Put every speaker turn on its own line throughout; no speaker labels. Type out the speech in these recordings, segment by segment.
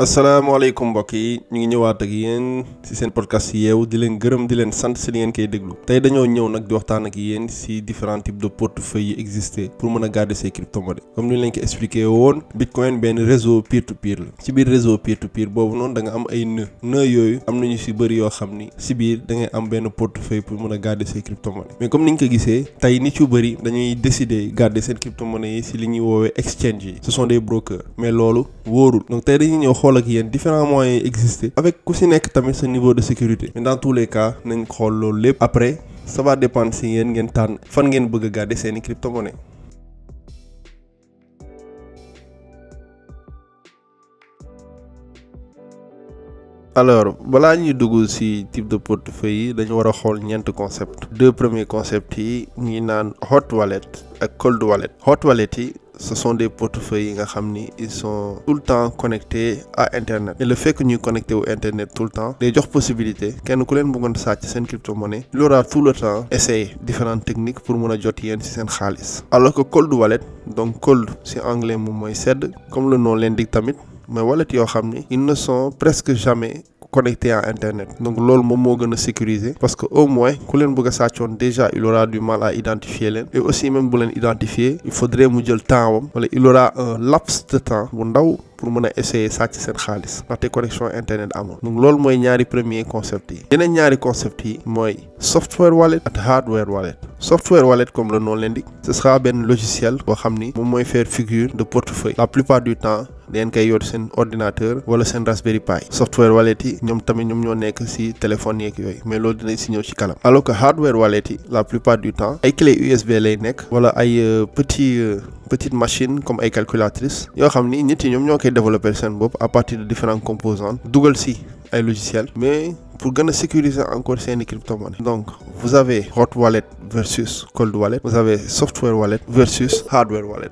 asalaamaaleykum mbokk yi ñu ngi ñëwaat ak yéen ci seen podcast yeewu di leen gërëm di leen sant ci li ngeen koy déglu tey dañoo ñëw nag di waxtaan ak yéen ci différents types de portefeuille yi existé pour mën a garder ses cryptomonnaies comme ni leen ko expliqué woon bitcoin benn réseau peer to peer la ci biir réseau peer boobu noonu da am ay nœud nœud yooyu am nañu ci bëri yoo xam ni ci biir da ngay am benn portefeuille pour mën a garder ses cryptomonnaies mais comme ni ñu ko gisee tey nit yu bëri dañuy décider garder seen cryptomonnaies yi ci li ñuy woowee exchange yi ce sont des mais loolu wóorul donc tey dañuy ñëw xool yéen différents moyens yi existé avec ku si nekk tamit sa niveau de sécurité mais dans tous les xool loolu lépp après ça va dépendre si ngeen tànn fan bëgg a garder seeni cryptomonnaie alors balaa ñuy dugg ci type de portefeuille yi dañu war a xool ñeent concept deux premiers concepts yi ngi naan hot wallet ak cold wallet hot wallet yi ce sont des portefeuilles yi nga xam ni ils sont tout le temps connectés à internet et le fekk que ñuy connecté wu internet tout le temps day jox possibilité kenn ku leen bëggoon sàcc seen crypto monnaie il aura tout le temps essayer différentes techniques pour mun a jot yéen ci seen xaalis alors que cold wallet donc cold ci anglais moom mooy sedd comme le leen l'indique tamit mais wallet yoo xam ni ils ne sont presque jamais connecté à internet donc loolu moom moo gën a sécuriser parce que au moins ku leen bëgg a sàccoon déjà il aura du mal à identifier leen et aussi même bu leen identifier il faudrait mu jël temps wam wala il aura un laps de temps bu ndaw pour mën a essayer sàcc seen xaalis ndaxte connexion internet amul donc loolu mooy ñaari premier concept yi yeneen ñaari concept yi mooy software wallet ak hardware wallet software wallet comme le nom l'indique ce sera benn logiciel xam ni moom mooy faire figure de portefeuille temps dangeen koy yor seen ordinateur wala seen Raspberry Pi software wallet yi ñoom tamit ñoom ñoo nekk si téléphone yeek yooyu mais loolu dinañ si ñëw ci kanam alors que hardware wallet yi la plupart du temps ay clé USB lay nekk wala ay euh, petit euh, petite machine comme ay calculatrice yoo xam ni nit yi ñoom ñoo koy développer seen bopp à partir de différents composants dugal si ay logiciels mais pour gën a sécuriser encore seeni cryptomonnaies donc vous avez hot wallet versus cold wallet vous avez software wallet versus hardware wallet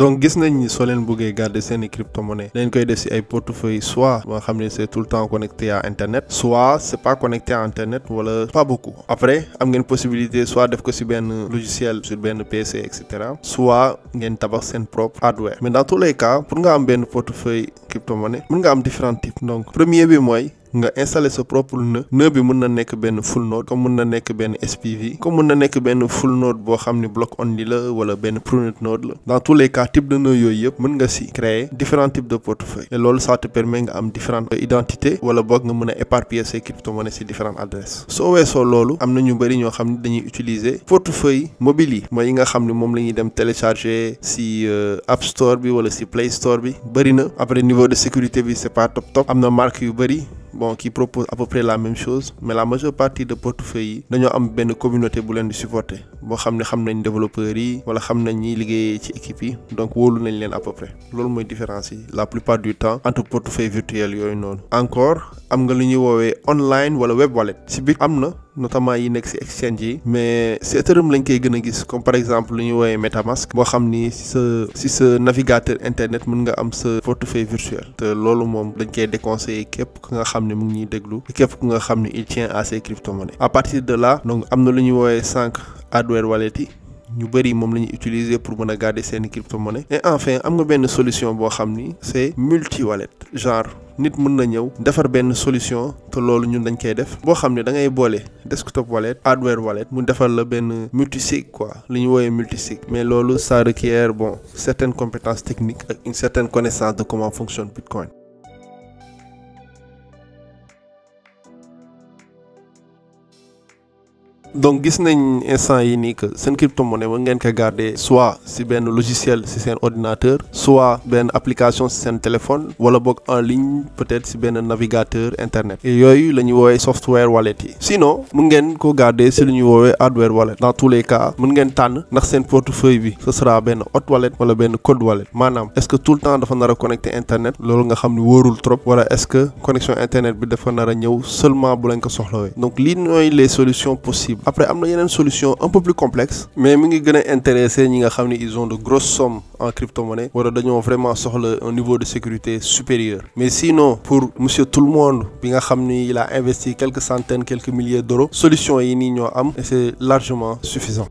donc gis nañ ni soo leen bëggee garder seeni cryptomonnaie dañ koy def si ay portefeuille soit ba nga xam ne c'est tout le temps connecté à internet soit c'est pas connecté à internet wala pas beaucoup après am ngeen possibilité soit def ko si benn logiciel sur benn PC et cetera soit ngeen tabax seen propre hardware mais dans tous les cas pour nga am benn portefeuille cryptomonnaie mun nga am différents types donc premier bi mooy nga installé sa propre nœud nœud bi mun na nekk benn full node comme mun na nekk benn SPV comme mun na nekk benn full node boo xam ni block only la wala benn prunet node la dans tous les cas type de nœud yooyu yëpp mën nga si créer différents types de portefeuille et loolu ça te permet nga am différentes identités wala boog nga mën a éparpiller say cryptomonnaies si différentes adresses soo weesoo loolu am na ñu bëri ñoo xam ne dañuy utiliser portefeuille mobile yi mo yi nga xam ne moom la ñuy dem télécharger si euh, App Store bi wala si Play Store bi bëri na après niveau de sécurité bi c'est pas am na marque yu bëri bon qui propose à peu près la même chose mais la majeure partie de portefeuille yi dañoo am benn communauté bu leen di supporter boo xam ne xam nañ développeur yi wala xam nañ ñiy liggéeyee ci équipe yi donc wóolu nañ leen à près loolu mooy différence yi la plupart du temps entre portefeuille virtuel yooyu noonu encore am nga lu ñuy woowee online wala web wallet si biir am na notamment yi nekk ci exchange yi mais ci Ethereum lañ koy gën a gis comme par exemple lu ñuy woowee MetaMask boo xam ni ci sa ci sa navigateur internet mën nga am sa portefeuille virtuel te loolu moom dañ koy déconseiller képp ku nga xam ne mu ngi ñuy déglu képp ku nga xam ne il tient à ses cryptomonnaies à partir de là donc am na lu ñuy woowee sànq hardware wallet yi ñu bëri moom la ñuy utiliser pour mën a garder seeni cryptomonnaies et enfin am nga benn solution boo xam ni c'est multi wallet genre nit mën na ñëw defar benn solution te loolu ñun dañ koy def boo xam ne da ngay boole desktop wallet hardware wallet mu defar la benn multisig quoi li ñu wooyee multisig mais loolu ça requiert bon certaines compétences techniques ak une certaine connaissance de comment fonctionne Bitcoin donc gis nañ instant yi nii que seen cryptomonnaie ba ngeen ko garder soit si benn logiciel si seen ordinateur soit benn application si seen téléphone wala boog en ligne peut-être si benn navigateur internet yooyu la ñuy woowee software wallet yi sinon mun ngeen ko garder si lu ñuy woowee hardware wallet dans tous les cas mun ngeen tànn ndax seen portefeuille bi ce sera benn hot wallet wala benn cold wallet maanaam est-ce que tout le temps dafa nar a connecté internet loolu nga xam ni wóorul que connexion internet bi dafa nar a ñëw seulement bu lañ ko soxlawee donc lii après am na yeneen solution un peu plus complexe mais mi ngi gën a intéressé ñi nga xam ni ison de grosses sommes en crypto wala dañoo vraiment soxla un niveau de sécurité supérieur mais sinon pour monsieur tout le monde bi nga xam ni il investi quelques centaines quelques milliers d'euros solution yi nii ñoo am et c'est largement suffisant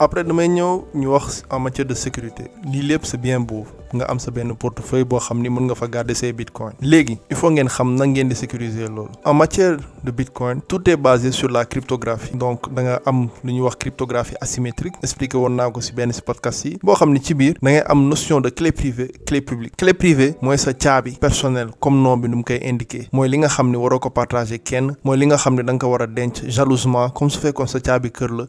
après damay ñëw ñu wax en matière de sécurité lii lépp c'est bien beau nga am sa benn portefeuille boo xam ni mën nga fa garder say bitcoin léegi il faut ngeen xam na ngeen di sécuriser loolu en matière de bitcoin tout basé sur la cryptographie donc da am lu ñuy wax cryptographie asymétrique expliqué woon naa ko si benn si podcast yi boo xam ni ci biir da ngay am notion de clé privée clé publique clé privée mooy sa caabi personnel comme nom bi nu mu koy indiqué mooy li nga xam ne waroo ko partager kenn mooy li nga ne da ko war a denc jalousement comme su fekkoon sa caabi kër la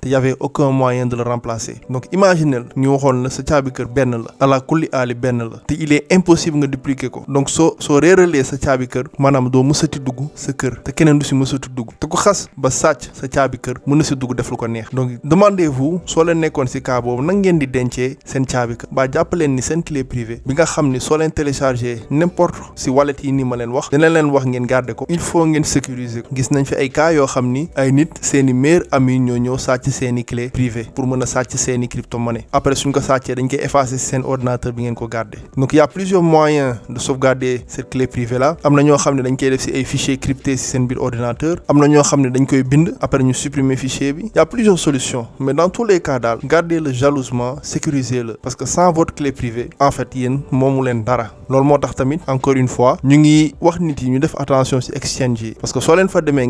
la sa caabi kër benn la benn la te il est impossible nga dupliquer ko donc soo soo réeralee sa caabi kër maanaam doo mësati dugg sa kër te keneen du si mësati dugg te ko xas ba sàcc sa caabi kër mën na si dugg def lu ko neex donc demandez soo leen nekkoon si cas boobu nan ngeen di dencee seen caabi kër mbaa jàppaleen ni seen clé privée bi nga xam ni soo leen téléchargé ni ma leen wax dina leen wax ngeen garder ko il faut ngeen sécuriser ko gis nañ fi ay cas yoo xam ni ay nit a sàcc seeni crypto monnaie après suñ ko sàccee dañ seen sauvegarder donc il plusieurs moyens de sauvegarder cette clé privée là am na ñoo xam ne dañ koy def ci ay fichiers cryptés ci seen biir ordinateur am na ñoo xam ne dañ koy bind après ñu supprimer fichier bi y plusieurs solutions mais dans tous les cas daal gardez le jalousement sécurisez le parce que sans votre clé privée en fait yéen moomu leen dara loolu moo tax tamit encore une fois ñu ngi wax nit yi ñu def attention ci exchange yi parce que soo leen fa demee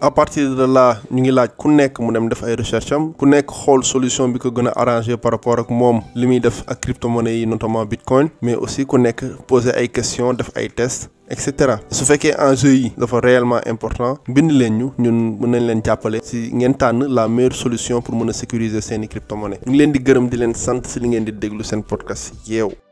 à partir de là ñu ngi laaj ku nekk mu dem def ay recherche am ku nekk xool solution bi ko gën a arrangé par rapport ak moom li muy def ak cryptomonnaie yi notamment bitcoin mais aussi ku nekk poser ay questions def ay tests et cetera su fekkee enjeu yi dafa réellement important bind leen ñu ñun mën nañ leen jàppale si ngeen tànn la meilleure solution pour mën a sécuriser seeni cryptomonnaie ñu ngi leen di gërëm di leen sant si li ngeen di déglu seen podcast yeew